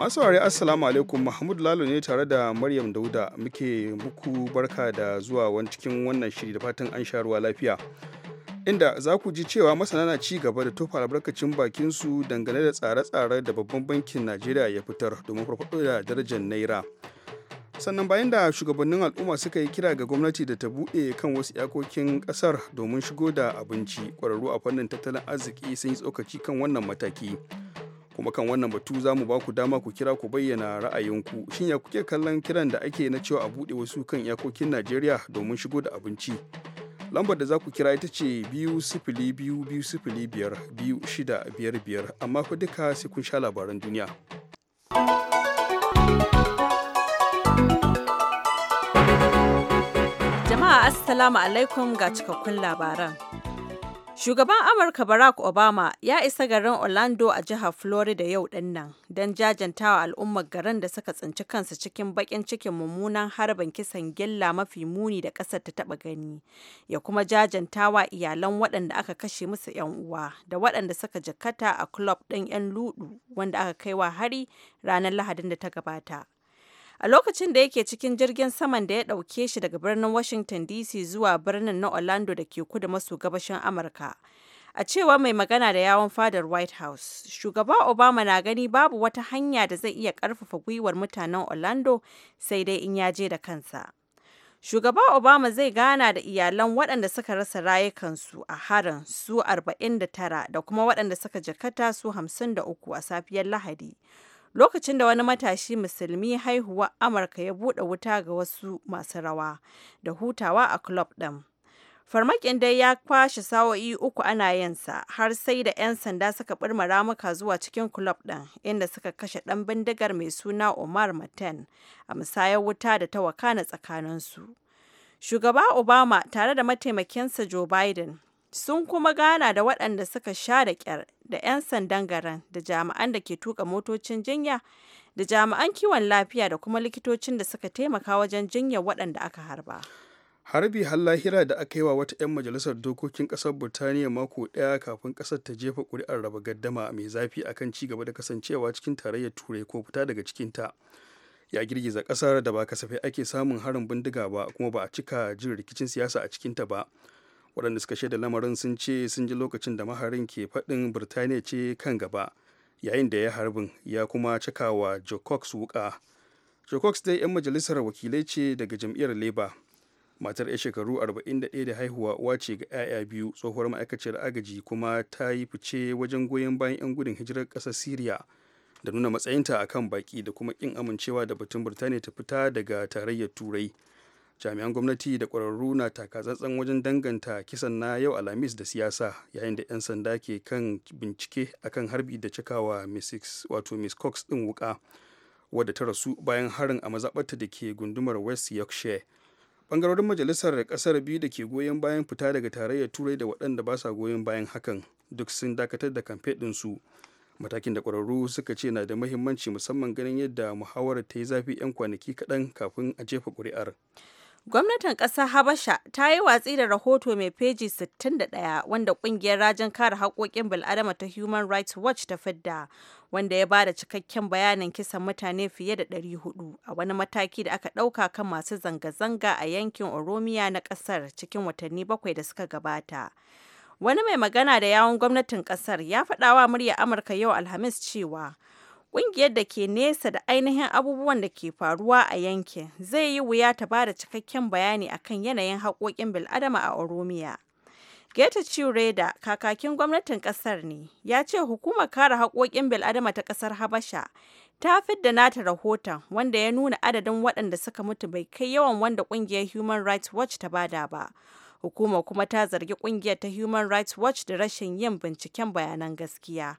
Masu ware Assalamu alaikum Mahmud Lalo ne tare da Maryam Dauda muke muku barka da zuwa wani cikin wannan shiri da fatan an sha ruwa lafiya. Inda za ku ji cewa masana na ci gaba da tofa albarkacin su dangane da tsare-tsare da babban bankin Najeriya ya fitar domin farfaɗo da darajar Naira. sannan bayan da shugabannin al'umma suka yi kira ga gwamnati da ta buɗe kan wasu iyakokin ƙasar domin shigo da abinci ƙwararru a fannin tattalin arziki sun yi tsokaci kan wannan mataki kuma kan wannan batu za mu ba ku dama ku kira ku bayyana ra'ayinku shin ya kuke kallon kiran da ake na cewa a buɗe wasu kan iyakokin najeriya domin shigo da abinci lambar da za ku kira ita ce biyu sifili biyu biyu sifili biyar biyu shida biyar biyar amma ku duka sai kun sha labaran duniya jama'a assalamu alaikum ga cikakkun labaran Shugaban Amurka Barack Obama ya isa garin Orlando a jihar Florida yau dinnan don jajantawa al'ummar garin da suka tsinci kansa cikin bakin cikin mummunan harbin kisan gilla mafi muni da kasar ta taba gani, ya kuma jajantawa iyalan waɗanda aka kashe musu 'yan uwa da waɗanda suka jakata a kulob ɗin 'yan ludu wanda aka kai wa hari ranar Lahadin da ta gabata. A lokacin da yake cikin jirgin saman da ya ɗauke shi daga birnin Washington DC zuwa birnin na Orlando da ke kudu maso gabashin Amurka. A cewa mai magana da yawon fadar White House, shugaba Obama na gani babu wata hanya da zai iya karfafa gwiwar mutanen Orlando sai dai in ya je da kansa. Shugaba Obama zai gana da iyalan waɗanda suka rasa rayukansu a harin su 49 da kuma waɗanda suka jakata su 53 a safiyar Lahadi. lokacin da wani matashi musulmi haihuwa amurka ya buɗe wuta ga wasu masu rawa da hutawa a club ɗin farmakin dai ya kwashe sa'o'i uku ana yinsa, har sai da 'yan sanda suka birma ramuka zuwa cikin kulob ɗin inda suka kashe ɗan bindigar mai suna omar martin a musayar wuta da ta wakana tsakaninsu shugaba obama tare da mataimakinsa joe biden sun kuma gana da waɗanda suka sha da kyar da 'yan sandan garan da jami'an da ke tuka motocin jinya da jami'an kiwon lafiya da kuma likitocin da suka taimaka wajen jinyar waɗanda aka harba. harbi hallahira da aka yi wa wata 'yan majalisar dokokin ƙasar burtaniya mako ɗaya kafin ƙasar ta jefa ƙuri'ar raba gaddama mai zafi akan ci gaba da kasancewa cikin tarayyar turai ko fita daga cikinta ya girgiza ƙasar da ba kasafai ake samun harin bindiga ba kuma ba a cika jin rikicin siyasa a cikinta ba waɗanda suka shaida lamarin sun ce sun ji lokacin da maharin ke faɗin birtaniya ce kan gaba yayin da ya harbin ya kuma cakawa jokox wuka jokox dai 'yan majalisar wakilai ce daga jam'iyyar labour matar 'ya shekaru 41 da haihuwa uwa ce ga 'ya'ya biyu tsohuwar ma'aikaciyar agaji kuma ta yi fice wajen goyon bayan 'yan gudun hijirar ƙasar syria da nuna matsayinta akan baki da kuma kin amincewa da batun birtaniya ta fita daga tarayyar turai jami'an gwamnati da ƙwararru na takatsantsan wajen danganta kisan na yau alhamis da siyasa yayin da 'yan sanda ke kan bincike akan harbi da cikawa wato miss cox ɗin wuka wadda ta rasu bayan harin a mazaɓarta da ke gundumar west yorkshire ɓangarorin majalisar ƙasar biyu da ke goyon bayan fita daga tarayyar turai da waɗanda ba sa goyon bayan hakan duk sun dakatar da kamfe ɗinsu matakin da ƙwararru suka ce na da mahimmanci musamman ganin yadda muhawarar ta yi zafi 'yan kwanaki kaɗan kafin a jefa ƙuri'ar Gwamnatin ƙasar Habasha ta yi watsi da rahoto mai feji 61 wanda ƙungiyar rajin kare haƙoƙin bil'adama ta Human Rights Watch ta fidda, wanda ya bada cikakken bayanin kisan mutane fiye da 400 a wani mataki da aka ɗauka kan masu zanga-zanga a yankin Oromiya na ƙasar cikin watanni bakwai da suka gabata. Wani mai magana da yawon gwamnatin ƙasar ya faɗawa murya Amurka yau Alhamis cewa Ƙungiyar da ke nesa da ainihin abubuwan da ke faruwa a yankin zai yi wuya ta ba da cikakken bayani akan yanayin haƙoƙin bil'adama a Oromiya. Geta Chireda, kakakin gwamnatin ƙasar ne, ya ce hukumar kare haƙoƙin bil'adama ta ƙasar Habasha ta fidda nata rahoton wanda ya nuna adadin waɗanda suka mutu bai kai yawan wanda ƙungiyar Human Rights Watch ta bada ba. Hukumar kuma ta zargi ƙungiyar ta Human Rights Watch da rashin yin binciken bayanan gaskiya.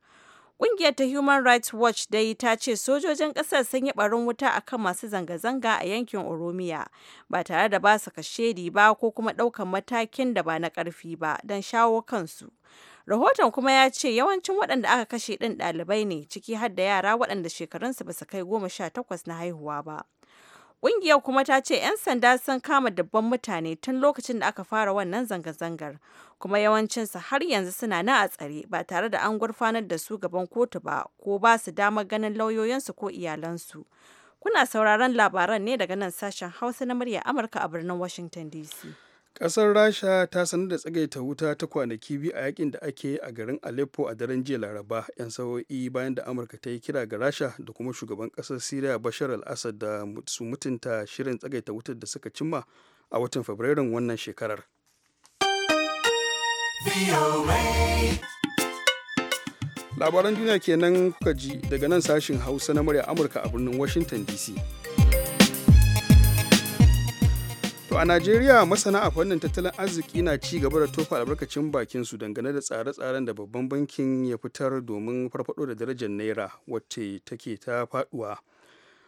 Ƙungiyar ta Human Rights Watch dai ta ce sojojin ƙasar sun yi barin wuta akan masu zanga-zanga a yankin Oromiya ba tare da ba su kashedi ba ko kuma ɗaukan matakin da ba na karfi ba don shawo kansu. Rahoton kuma ya ce yawancin waɗanda aka kashe ɗin ɗalibai ne ciki har da yara waɗanda shekarunsu ba su kai goma sha takwas na haihuwa ba. Ƙungiyar kuma ta ce 'yan sanda sun kama dabban mutane tun lokacin da aka fara wannan zanga-zangar, kuma yawancinsu har yanzu suna nan a tsare ba tare da an gurfanar da su gaban kotu ba ko ba su damar ganin lauyoyinsu ko iyalansu. Kuna sauraron labaran ne daga nan sashen Hausa na murya Amurka a birnin Washington DC. Ƙasar Rasha ta sanar da tsagaita wuta ta kwanaki biyu a yakin da ake a garin Aleppo a daren jiya Laraba 'yan sa'o'i bayan da Amurka ta yi kira ga Rasha da kuma shugaban ƙasar Siriya Bashar al-Assad da su mutunta shirin tsagaita wutar da suka cimma a watan Fabrairun wannan shekarar. Labaran duniya kenan kuka ji daga nan sashin Hausa na murya Amurka a birnin Washington DC. To a Najeriya masana a fannin tattalin arziki na ci gaba da tofa albarkacin bakin su dangane da tsare-tsaren da babban bankin ya fitar domin farfado da darajar naira wacce take ta faduwa.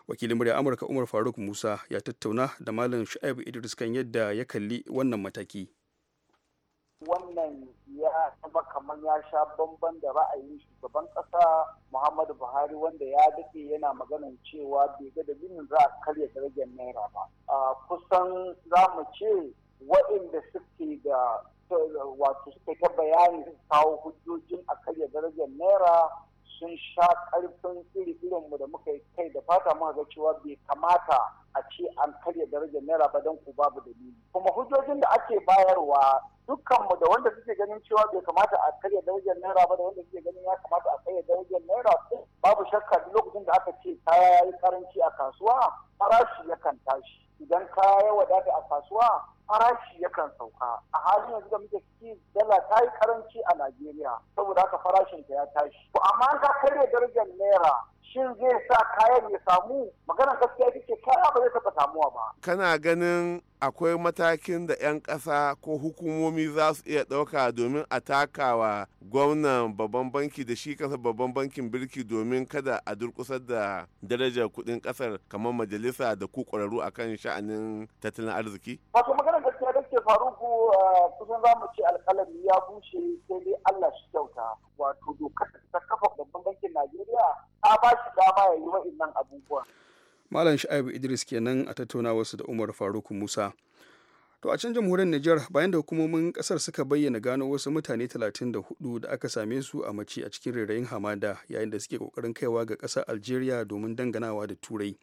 Wakilin murya Amurka Umar Faruk Musa ya tattauna da Malam Shu'aibu Idris kan yadda ya kalli wannan mataki. Wannan ya zama kamar ya sha bamban da ra'ayin shugaban ƙasa Muhammadu Buhari wanda ya daɗe yana maganan cewa bai ga dalilin za a karya darajar naira ba. Ah, kusan za mu ce waɗanda suke da wato suka ta bayani su kawo hujjojin a karya darajar naira sun sha karfin iri irinmu da muka yi kai da fata muka ga cewa bai kamata a ce an karya darajar naira ba don ku babu dalili kuma hujjojin da ake bayarwa dukkanmu da wanda suke ganin cewa bai kamata a karya darajar naira ba da wanda suke ganin ya kamata a karya darajar naira babu shakka lokacin da aka ce kaya ya yi karanci a kasuwa farashi yakan tashi idan kaya wadata a kasuwa farashi yakan sauka a halin yanzu da muke ciki dala ta yi karanci a najeriya saboda haka farashin ta ya tashi to amma ka karya darajar naira shin zai sa kayan ya samu magana gaskiya ita ce kaya ba zai taɓa samuwa ba. kana ganin akwai matakin da 'yan ƙasa ko hukumomi za su iya ɗauka domin a takawa gwamnan babban banki da shi kasa babban bankin birki domin kada a durkusar da darajar kuɗin ƙasar kamar majalisa da ku ƙwararru akan sha'anin tattalin arziki? wato maganar faruku eh, kusan za mu ce alkalami ya bushe sai dai Allah shi kyauta wato dokar ta kafa babban bankin Najeriya ta ba shi dama ya yi wa'innan abubuwa. Malam Sha'ibu Idris kenan a tattauna wasu da Umar Faruk Musa. To a can jamhuriyar Nijar bayan da hukumomin kasar suka bayyana gano wasu mutane 34 da aka same su a mace a cikin rairayin hamada yayin da suke kokarin kaiwa ga kasar Algeria domin danganawa da Turai.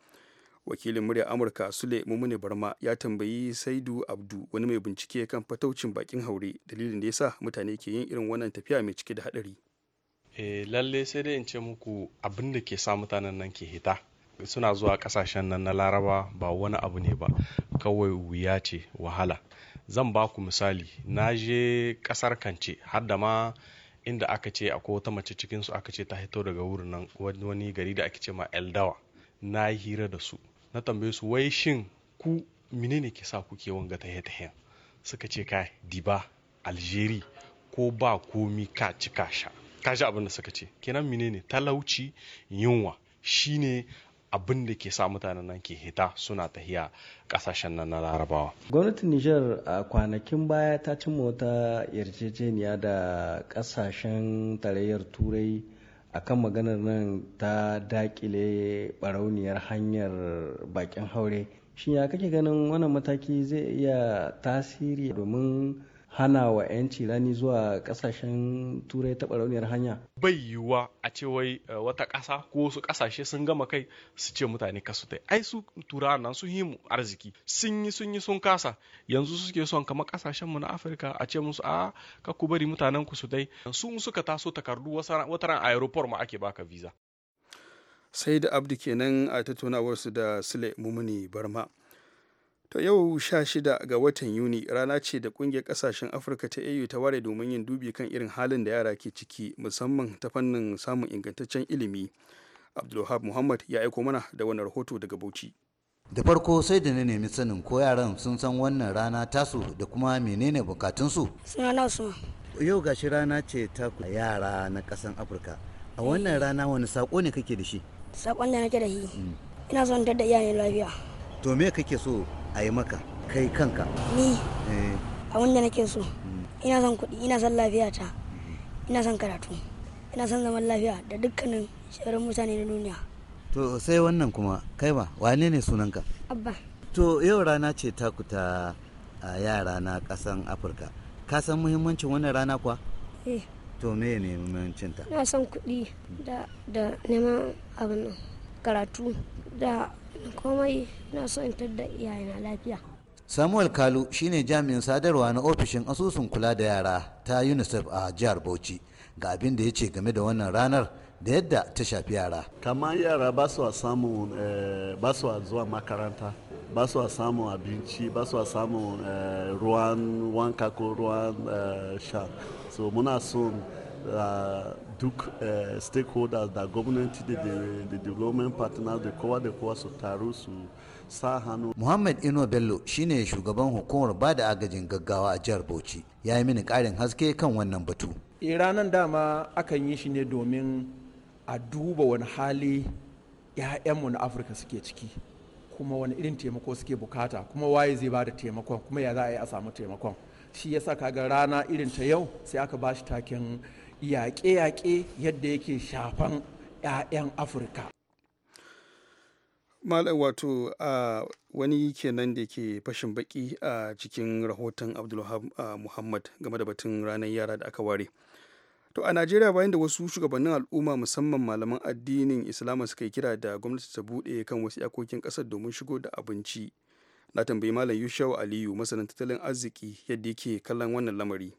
wakilin murya amurka sule mumune barma ya tambayi saidu abdu wani mai bincike kan fataucin bakin haure dalilin da ya sa mutane ke yin irin wannan tafiya mai cike da hadari e eh, lalle sai dai in ce muku abin da ke sa mutanen nan ke hita suna zuwa kasashen nan na laraba ba wani abu ne ba kawai wuya ce wahala zan ba ku misali na je kasar kance har da ma inda aka ce akwai wata mace cikinsu aka ce ta hito daga wurin nan wani gari da ake ce ma eldawa na yi hira da su na tambaye su wai shin ku menene ke sa kuke wanga ta tahiyan suka ce ka diba algeri ko ba komi ka ci ka sha ka abin da suka ce kenan menene talauci yunwa shine abin da ke sa mutanen nan ke hita suna tahiya kasashen nan na larabawa gwamnatin niger a kwanakin baya ta cimma wata yarjejeniya da kasashen tarayyar turai akan maganar nan ta dakile barauniyar hanyar bakin haure shin ya kake ganin wannan mataki zai iya tasiri domin hana wa yanci rani zuwa kasashen turai ta rauniyar hanya bai yiwuwa a ce wai eh, wata ƙasa ko wasu ƙasashe sun gama kai su ce mutane kasu tai ai su turawa nan sun yi mu arziki sun yi sun yi sun kasa yanzu suke son kamar mu na afirka a ce musu a ka ku bari mutanen ku su tai su suka taso takardu wata ran aeroport ma ake baka visa sai da abdi kenan a tattaunawarsu da sule mumuni barma To yau 16 ga watan Yuni rana ce da kungiyar kasashen Afirka ta AU ta ware domin yin dubi kan irin halin da yara ke ciki musamman ta fannin samun ingantaccen ilimi. Abdulhab Muhammad ya aiko mana da wani rahoto daga Bauchi. da farko sai da na nemi sanin ko yaran sun san wannan rana tasu da kuma menene bukatunsu sunana su yau gashi rana ce ta yara na kasan afirka a wannan rana wani sako ne kake da shi sakon da nake da shi mm. ina son da iyayen lafiya to me kake so a yi maka kai kanka ni eh. abin da nake so mm. ina son kuɗi ina son ta mm. ina son karatu ina son zaman lafiya da dukkanin shirin mutane na duniya to sai wannan kuma kai ba wane ne sunanka abba to yau rana ce taku a yara na ƙasan afirka ka san muhimmancin wannan rana kuwa eh. to me ne muhimmancinta. ina son kuɗi da neman abin nan karatu da komai na so in tadda iyayena lafiya samuel kalu shine jami'in sadarwa na ofishin asusun kula da yara ta unicef a jihar bauchi ga abin da ya ce game da wannan ranar da yadda ta shafi yara kamar yara ba su samun eh, ba zuwa makaranta ba su samun abinci ba su samun eh, ruwan wanka ko ruwan eh, sha so muna son ah, duk uh, stakeholders da gwamnati da development partners da kowa da kowa su taru su sa hannu. Muhammad Ino Bello shine shugaban hukumar ba da agajin gaggawa a jihar Bauchi ya yi mini karin haske kan wannan batu. E, ranar dama akan yi shi ne domin a duba wani hali 'ya'yanmu na Afirka suke ciki. kuma wani irin taimako suke bukata kuma waye zai ba da taimakon kuma ya za a yi a samu taimakon shi ya yasa ga rana irin ta yau sai aka ba shi taken yaƙe-yaƙe yadda yake shafan 'ya'yan afirka malam wato a wani kenan da ke fashin baki a cikin rahoton abdulhab muhammad game da batun ranar yara da aka ware to a najeriya bayan da wasu shugabannin al'umma musamman malaman addinin islama suka yi kira da gwamnati ta buɗe kan wasu yakokin ƙasar domin shigo da abinci na tambayi malam yushau aliyu masanin tattalin arziki yadda yake kallon wannan lamari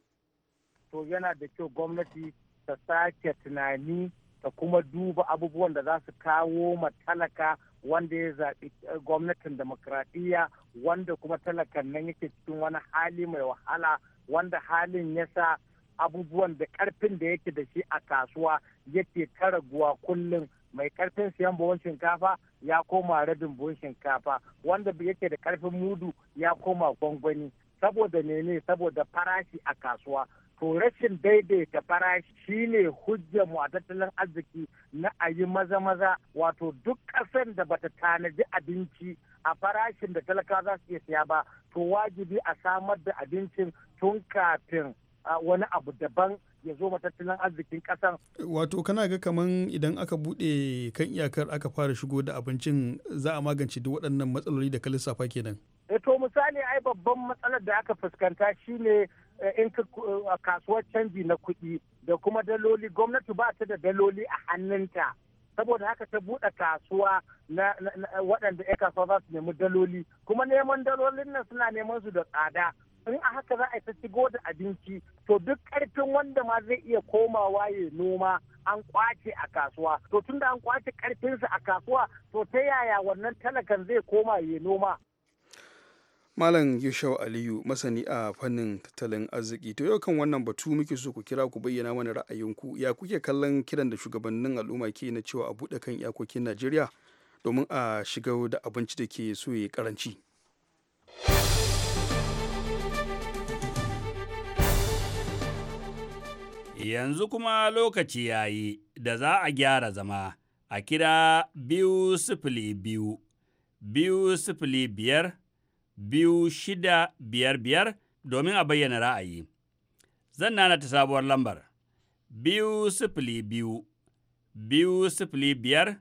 to yana da kyau gwamnati ta sake tunani ta kuma duba abubuwan da za su kawo ma talaka wanda ya zaɓi eh, gwamnatin demokradiyya wanda kuma talakan nan yake cikin wani hali mai wahala wanda halin ya sa abubuwan da karfin da yake da shi a kasuwa yake ta raguwa kullum mai karfin siyan buhun shinkafa ya koma rabin buhun shinkafa wanda yake da karfin mudu ya koma gwangwani saboda mene saboda farashi a kasuwa to rashin daidaita farashi shine hujjar mu a tattalin arziki na a yi maza-maza wato duk ƙasan da bata tanaji abinci a farashin da talaka za su iya siya ba to wajibi a samar da abincin tun kafin wani abu daban ya zo tattalin arzikin ƙasar. Wato kana ga kaman idan aka bude kan iyakar aka fara shigo da abincin za a magance duk waɗannan matsaloli da ka lissafa kenan. Eh to misali ai babban matsalar da aka fuskanta shine Eh, in eh, kasuwar canji na kuɗi da kuma daloli gwamnati ba ta da daloli a hannunta saboda haka ta buɗe kasuwa na waɗanda 'yan kasuwa za su nemi daloli kuma neman dalolin nan suna neman su da tsada in a haka za a ta shigo da abinci to duk ƙarfin wanda ma zai iya komawa ya noma an kwace a kasuwa to tunda an kwace ƙarfinsa a kasuwa to ta yaya wannan talakan zai koma ya noma Malam Yushau Aliyu masani a fannin tattalin arziki to yau kan wannan batu muke so ku kira ku bayyana mana ra'ayinku ya kuke kallon kiran da shugabannin al'umma ke na cewa a buɗe kan iyakokin Najeriya domin a shiga da abinci da ke so ya karanci. Yanzu kuma lokaci ya yi da za a gyara zama a kira biyu sifili biyu, biyu sifili biyar biyu shida biyar biyar domin a bayyana ra'ayi. Zan nana ta sabuwar lambar biyu sifili biyu, biyu sifili biyar,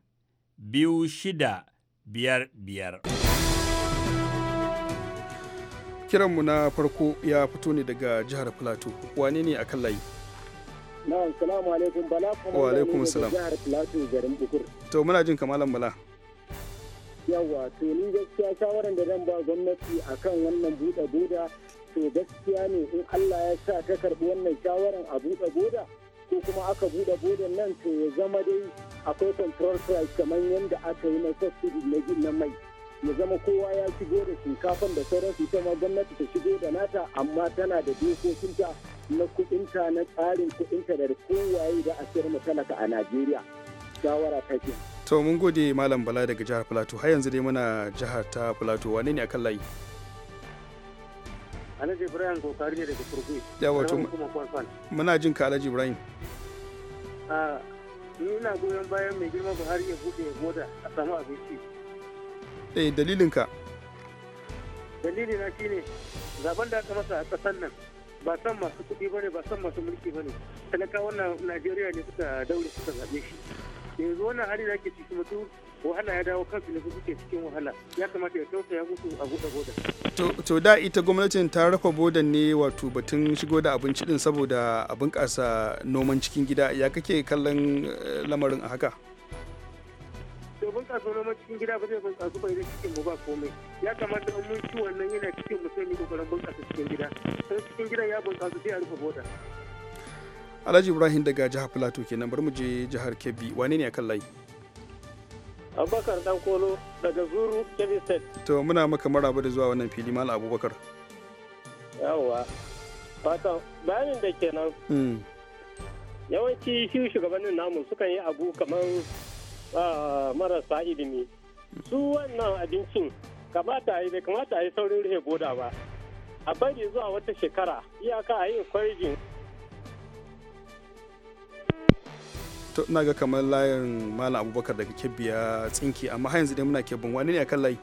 biyu shida biyar biyar. Kiranmu na farko ya fito ne daga jihar Filato, wane ne a kan layi? Na'am, salamu alaikum, bala kuma da jihar Filato garin Bukur. To, muna jin kamalan bala. yawa to ni gaskiya shawaran da zan ba gwamnati akan wannan buɗe goda to gaskiya ne in Allah ya sa ta karɓi wannan shawaran a buɗe goda ko kuma aka buɗe godan nan to ya zama dai akwai control price kamar yadda aka yi na subsidy na na mai ya zama kowa ya shigo da shinkafan da sauran su ma gwamnati ta shigo da nata amma tana da dokokinta na kuɗinta na tsarin kuɗinta da kowaye da a sayar talaka a Najeriya shawara ta to mun gode malam bala daga jihar plateau har yanzu dai muna jihar ta plateau wane ne akan layi alhaji ibrahim kokari ne daga kurkui ya wato muna jin ka alhaji ibrahim ni ina goyon bayan mai girma buhari ya buɗe mota a samu abinci eh dalilinka dalilina shine zaben da aka masa a kasan nan ba san masu kuɗi ba ne ba san masu mulki ba ne talakawan najeriya ne suka daure suka zaɓe shi yanzu wannan hari da ke ciki mutum wahala ya dawo kansu ne suke cikin wahala ya kamata ya tausaya musu a buɗe bodan. to da ita gwamnatin ta rufe bodan ne wato batun shigo da abinci din saboda a bunƙasa noman cikin gida ya kake kallon eh, lamarin a haka. to bunƙasa noman cikin gida ba zai bunƙasa ba idan cikin mu ba komai ya kamata in mun ci wannan yana cikin mu sai mu kokarin bunƙasa cikin gida sai cikin gida ya bunƙasa sai a rufe bodan. alhaji ibrahim daga jihar plateau kenan bari mu je jihar kebbi wane ne akan layi abubakar dan kolo daga zuru kebbi state to muna maka maraba da zuwa wannan fili mal abubakar yawwa fatan bayanin da kenan hmm. yawanci shi shugabannin namu sukan yi abu kamar ah, marasa ilimi su wannan abincin kamata a yi kamata a yi saurin rufe goda ba a bari zuwa wata shekara iyaka a yi kwarjin na ga kamar layin malam abubakar daga kebbiya tsinki amma har yanzu dai muna kebbin wani ne a kan layi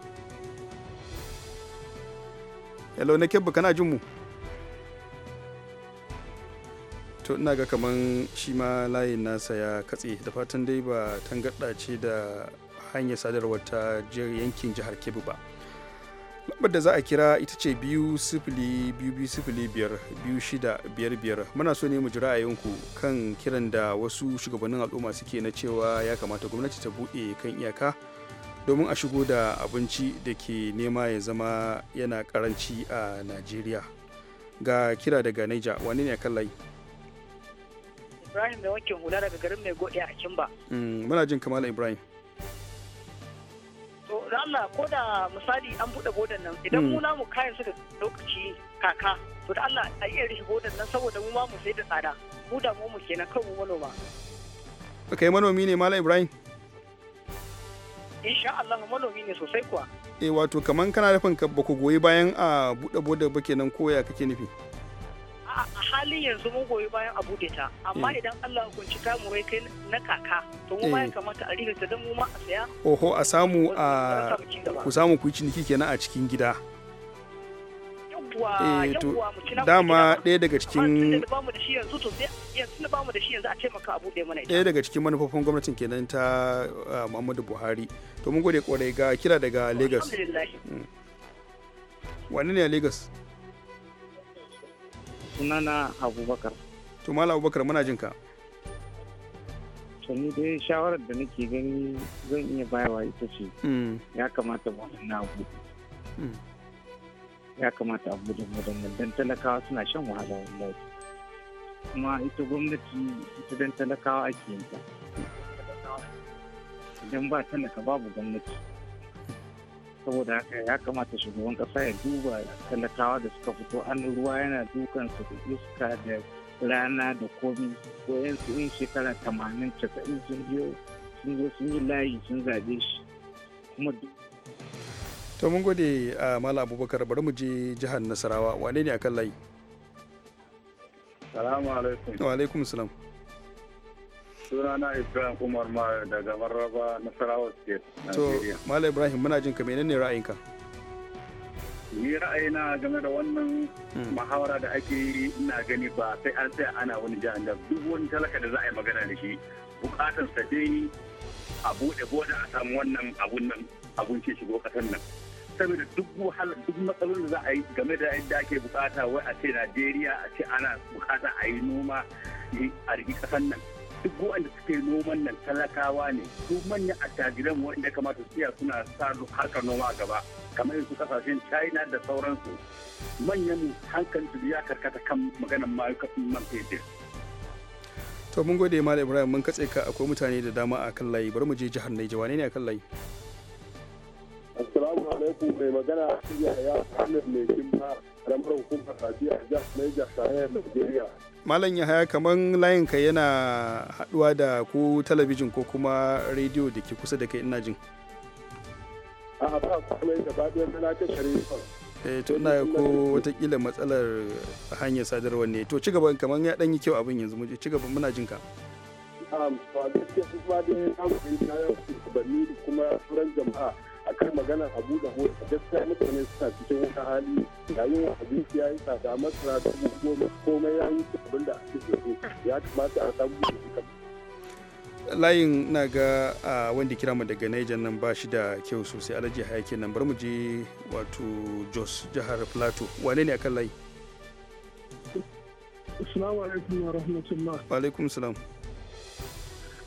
hello na kebbi kana jin mu to ina ga kamar shi ma layin nasa ya katse da fatan dai ba tangaɗa ce da hanyar sadarwar ta yankin jihar kebbi ba lambar da za a kira ita ce biyu sifili biyu biyu sifili biyar biyu shida biyar biyar muna so ne mu ji ra'ayinku kan kiran da wasu shugabannin al'umma suke na cewa ya kamata gwamnati ta buɗe kan iyaka domin a shigo da abinci da ke nema ya zama yana karanci a najeriya ga kira daga naija wani ne kan layi ibrahim da wakil hula daga garin mai godiya a kimba mm, muna jin kamala ibrahim Allah ko da misali an buɗe bodan nan idan hmm. mu namu kayan suka lokaci kaka to da Allah a iya rufe bodan nan saboda mu ma mu sai da tsada mu da mu mu kenan kan mu manoma kai manomi ne malam Ibrahim insha Allah manomi ne sosai kuwa eh wato kaman kana nufin ka ba ku goyi bayan a ah, buɗe bodan ba kenan koya kake nufi a halin yanzu mun goyi bayan a bude ta amma eh. idan Allah ya kunci kamu wai kai na kaka to mu ma ya eh. kamata a rika ta dan mu ma a saya oho a samu a ku samu ku ciniki kenan a cikin gida eh, ci to dama ɗaya daga cikin ɗaya daga cikin manufofin gwamnatin kenan ta ah, Muhammadu Buhari to mun gode kwarai ga kira daga Lagos mm. wani ne a Lagos sunana abubakar to mala abubakar muna jin ka to ni dai shawarar da nake gani zan iya bayawa ita ce mm. ya kamata wannan na abu mm. ya kamata abu da mudan dan talakawa suna shan wahala wallahi kuma ita gwamnati ita dan talakawa ake yin ta idan ba talaka babu gwamnati saboda haka ya kamata shugaban kasa ya duba talakawa da suka fito an ruwa yana dukan su da iska da rana da komi koyan su yin shekara tamanin casa'in sun biyo sun zo sun yi layi sun zaɓe shi kuma to mun gode a mala abubakar bari mu je jihar nasarawa wane ne akan layi salamu alaikum wa alaikum salam sunana ibrahim umar ma daga na nasarawa state to malam ibrahim muna jin ka menene ra'ayinka ni ra'ayina game da wannan hmm. muhawara da ake yi ina gani ba sai an sai ana wani jihar da duk wani talaka da za a yi magana da shi bukatar sa dai a bude boda a samu wannan abun nan abun ce shigo kasan nan saboda duk wahala duk matsalolin da za a yi game da yadda ake bukata wai a ce Najeriya a ce ana bukata a yi noma a rigi kasar nan duk wanda suke noman nan talakawa ne su manyan attajiran wanda kamata su iya suna sa harkar noma gaba kamar su kasashen china da sauransu manyan hankalin su ya karkata kan maganar mayukan man fetur. to mun gode malam ibrahim mun katse ka akwai mutane da dama a kan layi bari mu je jihar naija wane ne a kan layi. salamu alaikum mai magana Yahaya Ahmed mai ramar hukumar a jihar Niger Malam Yahaya kaman layin ka yana haduwa da ko talabijin ko kuma rediyo da ke kusa da kai ina jin. A ba komai da baɗin na tashar eh to ina ko watakila matsalar hanyar sadarwar ne to cigaba kamar ya ɗan yi kyau abin yanzu mu gaba muna jin ka um gaskiya su dai an kuma sauran jama'a akan magana abu da a gaskiya mutane suna cikin wata hali yayin wa abinci ya yi tsada masara dubu goma komai ya yi abin da ake so ya kamata a samu layin na ga wanda kira mu daga Niger nan ba shi da kyau sosai alhaji hayake nan bar mu je wato Jos jihar Plateau wane ne akan layi Assalamu alaikum wa rahmatullah. Wa alaikum salam.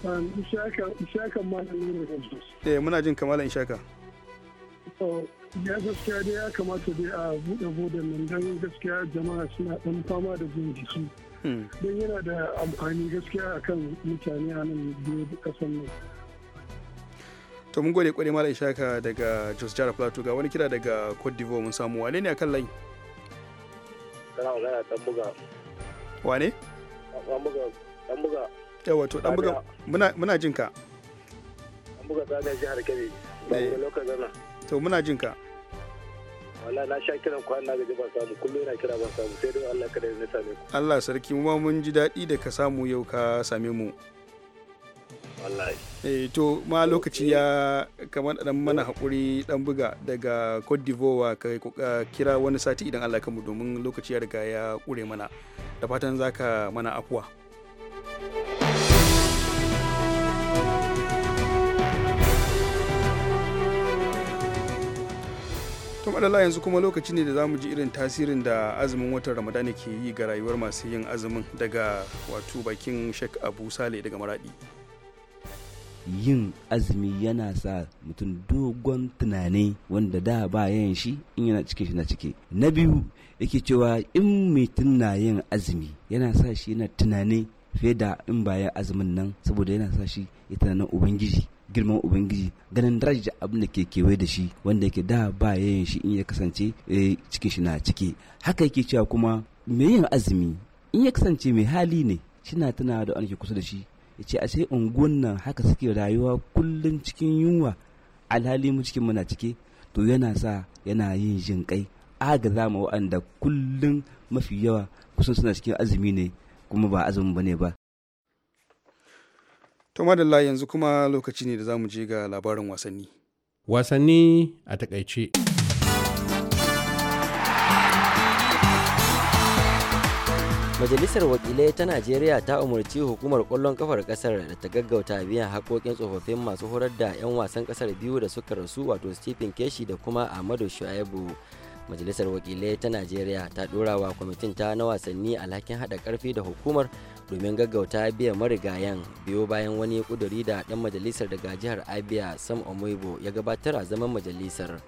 Um, Ishaka Malam da Jos. Eh muna jin kamala Ishaka. ya gaskiya dai ya kamata dai a buɗe buɗe nan don gaskiya jama'a suna ɗan fama da jin jiki hmm. don yana da amfani gaskiya akan mutane a nan biyu da kasan nan to mun gode kwarai malam shaka daga jos jara plateau ga wani kira daga cote d'ivoire mun samu wane ne a kan layi kana magana dan buga wane dan buga dan buga yawa to dan buga muna muna jin ka dan buga tsadar jihar kebbi buga lokacin nan to muna jin ka wala na sha kiran kwan na gaji ba samu kullum yana kira ba samu sai dai Allah kada ya same ku Allah sarki mu ma mun ji daɗi da ka samu yau ka same mu wallahi eh to ma lokaci ya kamar dan mana hakuri dan buga daga Cote d'Ivoire ka kira wani sati idan Allah ka mu domin lokaci ya riga ya kure mana da fatan zaka mana afuwa to madalla yanzu kuma lokaci ne da za mu ji irin tasirin da azumin watan ramadana ke yi ga rayuwar masu yin azumin daga wato bakin shek abu sale daga maradi yin azumi yana sa mutum dogon tunani wanda da ba yayin shi in yana cike shi na cike na biyu yake cewa in mutum na yin azumi yana sa shi yana tunani fiye da in ba ya azumin nan saboda yana sa shi ya tunanin ubangiji girman ubangiji ganin daraja abin da ke kewaye da shi wanda yake da ba yayin shi in ya kasance eh, cikin shi na ciki haka yake cewa kuma me yin azumi in ya kasance mai hali ne shina tana da wani kusa da shi ya ce ashe unguwan nan haka suke rayuwa kullum cikin yunwa alhali mu cikin muna cike to yana sa yana yin jin kai agaza ma waɗanda kullum mafi yawa kusan suna cikin azumi ne kuma ba azumin bane ba To madalla yanzu kuma lokaci ne da za mu je ga labarin wasanni. Wasanni a takaice. Majalisar Wakilai ta Najeriya ta umarci hukumar kwallon kafar kasar da ta gaggauta biyan haƙoƙin tsofaffin masu horar da 'yan wasan kasar biyu da suka rasu wato Stephen Keshi da kuma Ahmadu Shu'aibu. majalisar wakilai ta najeriya ta dora wa kwamitin ta na wasanni alhakin hada karfi da hukumar domin gaggauta biyan marigayen biyo bayan wani kuduri da dan majalisar daga jihar abia sam omoibo ya gabatar a zaman majalisar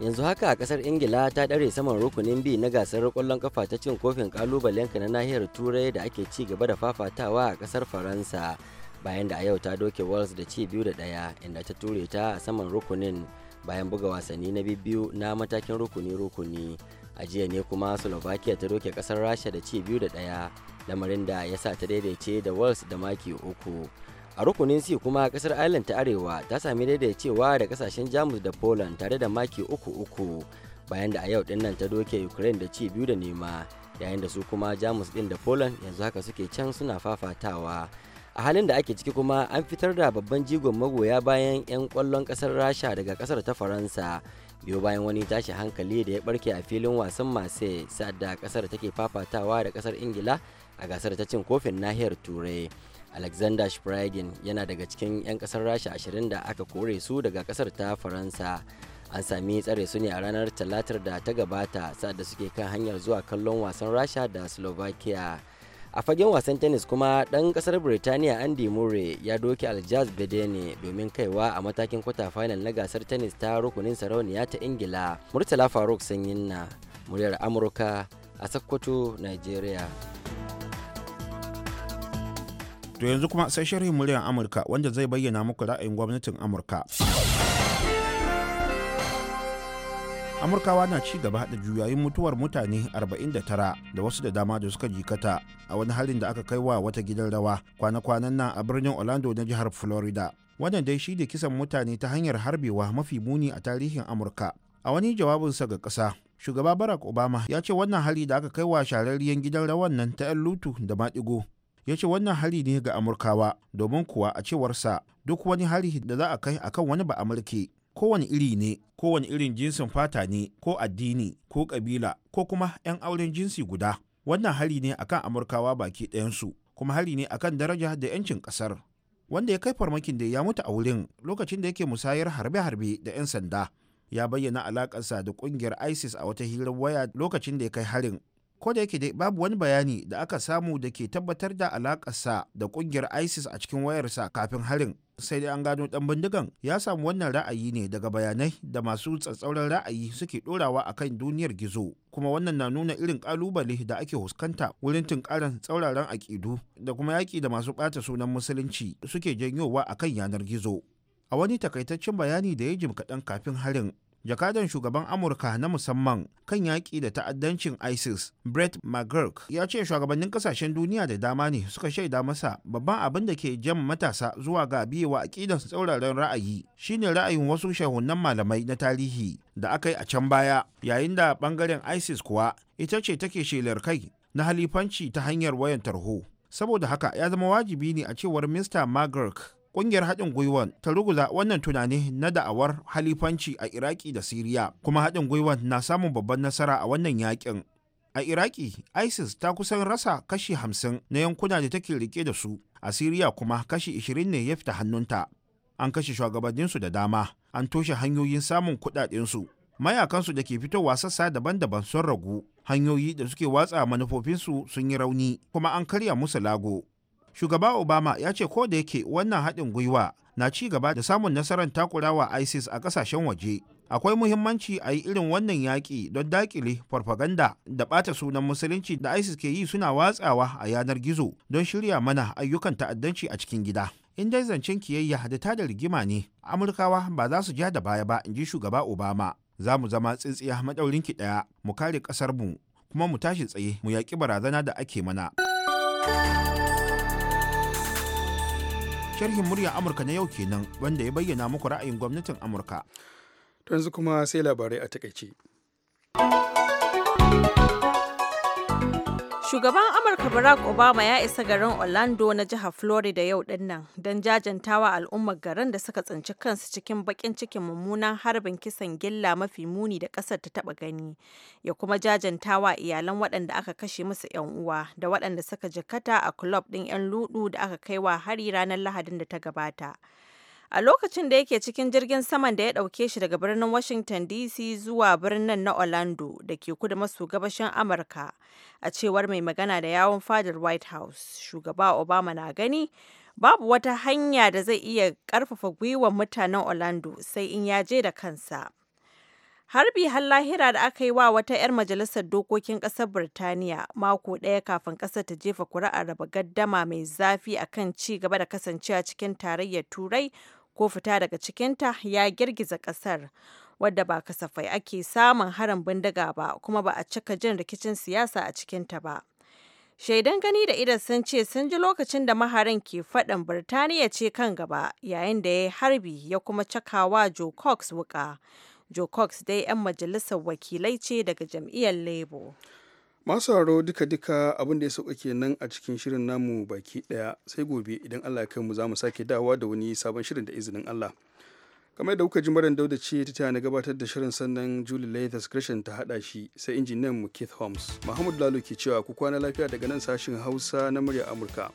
yanzu haka a kasar ingila ta dare saman rukunin bi na gasar kwallon kafa ta cin kofin kalubalen na nahiyar turai da ake ci gaba da fafatawa a kasar faransa bayan da a yau ta doke wales da ci biyu da daya inda ta ture ta a saman rukunin bayan buga wasanni na biyu na matakin rukuni-rukuni a jiya ne kuma slovakia ta roke kasar rasha da ci biyu da ɗaya lamarin da ya sa ta daidaice da wales da maki uku a rukunin si kuma kasar ireland ta arewa ta sami daidaicewa da kasashen jamus da poland tare da maki uku uku bayan da a yau dinnan ta doke ukraine da ci biyu da nema yayin da su kuma jamus din da poland yanzu haka suke can suna fafatawa a halin da ake ciki kuma an fitar da babban jigon magoya bayan 'yan kwallon kasar rasha daga kasar ta faransa biyo bayan wani tashi hankali da ya barke a filin wasan marseille sa'adda kasar take fafatawa da kasar ingila a gasar ta cin kofin nahiyar turai alexander spragin yana daga cikin 'yan kasar rasha ashirin da aka kore su daga kasar ta faransa an sami tsare su ne a ranar talatar da ta gabata sa'adda suke kan hanyar zuwa kallon wasan rasha da slovakia a fagen wasan tennis kuma ɗan ƙasar birtaniya andy murray ya doke aljaz bedene domin kaiwa a matakin kwata final na gasar tennis ta rukunin sarauniya ta ingila murtala faruk sanyin na muryar amurka a sakkwato nigeria to yanzu kuma sai sharhin muryar amurka wanda zai bayyana muku ra'ayin gwamnatin amurka amurkawa na ci gaba da juyayin mutuwar mutane 49 da wasu da dama da suka jikata a wani halin da aka kai wa wata gidan rawa kwana-kwanan nan a birnin orlando na jihar florida wannan dai shi da kisan mutane ta hanyar harbewa mafi muni a tarihin amurka a wani jawabinsa ga ƙasa shugaba barack obama ya ce wannan hali da aka kai wa shararriyar gidan rawan nan ta 'yan lutu da maɗigo ya ce wannan hali ne ga amurkawa domin kuwa a cewarsa duk wani hali da za a kai akan wani ba amurke kowane iri ne kowane irin jinsin fata ne ko addini ko kabila ko kuma 'yan auren jinsi guda wannan hari ne akan amurkawa baki ɗayansu kuma hari ne akan daraja da 'yancin ƙasar wanda ya kai farmakin da ya mutu a wurin lokacin da yake musayar harbe-harbe da 'yan sanda ya bayyana alakarsa da kungiyar isis a wata hirar waya lokacin da ya kai harin ko da yake dai babu wani bayani da aka samu da ke tabbatar da alakarsa da kungiyar isis a cikin wayarsa kafin harin sai dai an gano dan bindigan ya samu wannan ra'ayi ne daga bayanai da masu tsatsauran ra'ayi suke dorawa a kan duniyar gizo kuma wannan na nuna irin kalubale da ake huskanta wurin tunkaran tsauraran akidu da kuma yaki da masu bata sunan musulunci suke janyowa a kan yanar gizo a wani takaitaccen bayani da ya jim kaɗan kafin harin jakadan shugaban amurka na musamman kan yaƙi da ta'addancin isis brett mcgurk ya ce shugabannin kasashen duniya da dama ne suka shaida masa babban abin da ke jan matasa zuwa ga biyewa aƙidan tsauraran ra'ayi shine ra'ayin wasu shahunan malamai na tarihi da aka yi a can baya yayin da bangaren isis kuwa ita ce take shelar kai na halifanci ta hanyar wayan tarho saboda haka ya zama wajibi ne a cewar mr mcgurk kungiyar haɗin gwiwan ta ruguza wannan tunani na da'awar halifanci a iraki da siriya kuma haɗin gwiwan na samun babban nasara a wannan yakin a iraki isis ta kusan rasa kashi hamsin na yankuna da take rike da su a siriya kuma kashi ishirin ne ya fita hannunta an kashe shugabanninsu da dama an toshe hanyoyin samun kuɗaɗensu mayakansu da ke fitowa sassa daban-daban sun ragu hanyoyi da suke watsa manufofinsu sun yi rauni kuma an karya musu lago shugaba obama ya ce ko da yake wannan haɗin gwiwa na ci gaba da samun nasarar takurawa isis a ƙasashen waje akwai muhimmanci a yi irin wannan yaƙi don dakile farfaganda da ɓata sunan musulunci da isis ke yi suna watsawa a yanar gizo don shirya mana ayyukan ta'addanci a cikin gida in dai zancen kiyayya da tada rigima ne amurkawa ba za su ja da baya ba in ji shugaba obama za mu zama tsintsiya ki ɗaya mu kare ƙasarmu kuma mu tashi tsaye mu yaƙi barazana da ake mana. sharhin murya amurka na yau kenan wanda ya bayyana muku ra'ayin gwamnatin amurka to yanzu kuma sai labarai a takaice Shugaban Amurka Barack Obama ya isa garin Orlando na jihar Florida yau dinnan don jajantawa al'ummar garin da suka tsinci kansu cikin bakin cikin mummunan harbin kisan gilla mafi muni da kasar ta taba gani, ya kuma jajantawa iyalan waɗanda aka kashe musu 'yan uwa da waɗanda suka jikata a kulob ɗin 'yan ludu da aka kai wa hari ranar Lahadin da ta gabata. A lokacin da yake cikin jirgin saman da ya ɗauke shi daga birnin Washington DC zuwa birnin na Orlando da ke kudu maso gabashin Amurka, a cewar mai magana da yawon fadar White House, shugaba Obama na gani babu wata hanya da zai iya karfafa gwiwar mutanen Orlando sai in ya je da kansa. Harbi har lahira da aka yi wa wata 'yar majalisar dokokin kasar Birtaniya mako ɗaya kafin ƙasar ta jefa kuri'ar raba gaddama mai zafi akan ci gaba da kasancewa cikin tarayyar Turai ko fita daga cikinta ya girgiza ƙasar wadda ba kasafai ake samun harin bindiga ba kuma ba a cika jin rikicin siyasa a cikinta ba. Shaidan gani da idan sun ce sun ji lokacin da maharin ke faɗin Birtaniya ce kan gaba yayin da ya harbi ya kuma cakawa Joe Cox wuka. Joe Cox dai 'yan majalisar wakilai ce daga jam'iyyar Labour. masu haro duka-duka abin da ya sauka kenan a cikin shirin namu baki daya sai gobe idan allah kai mu za mu sake dawa da wani sabon shirin da izinin allah kamar da kuka ji maran dauda ce ta na gabatar da shirin sannan julie lathas gresham ta haɗa shi sai injiniyan mu keith holmes mahmud lalo ke cewa ku kwana lafiya daga nan sashin hausa na murya amurka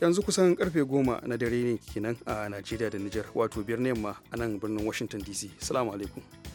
yanzu kusan karfe goma na dare ne kenan a najeriya da niger wato biyar na yamma a nan birnin washington dc salamu alaikum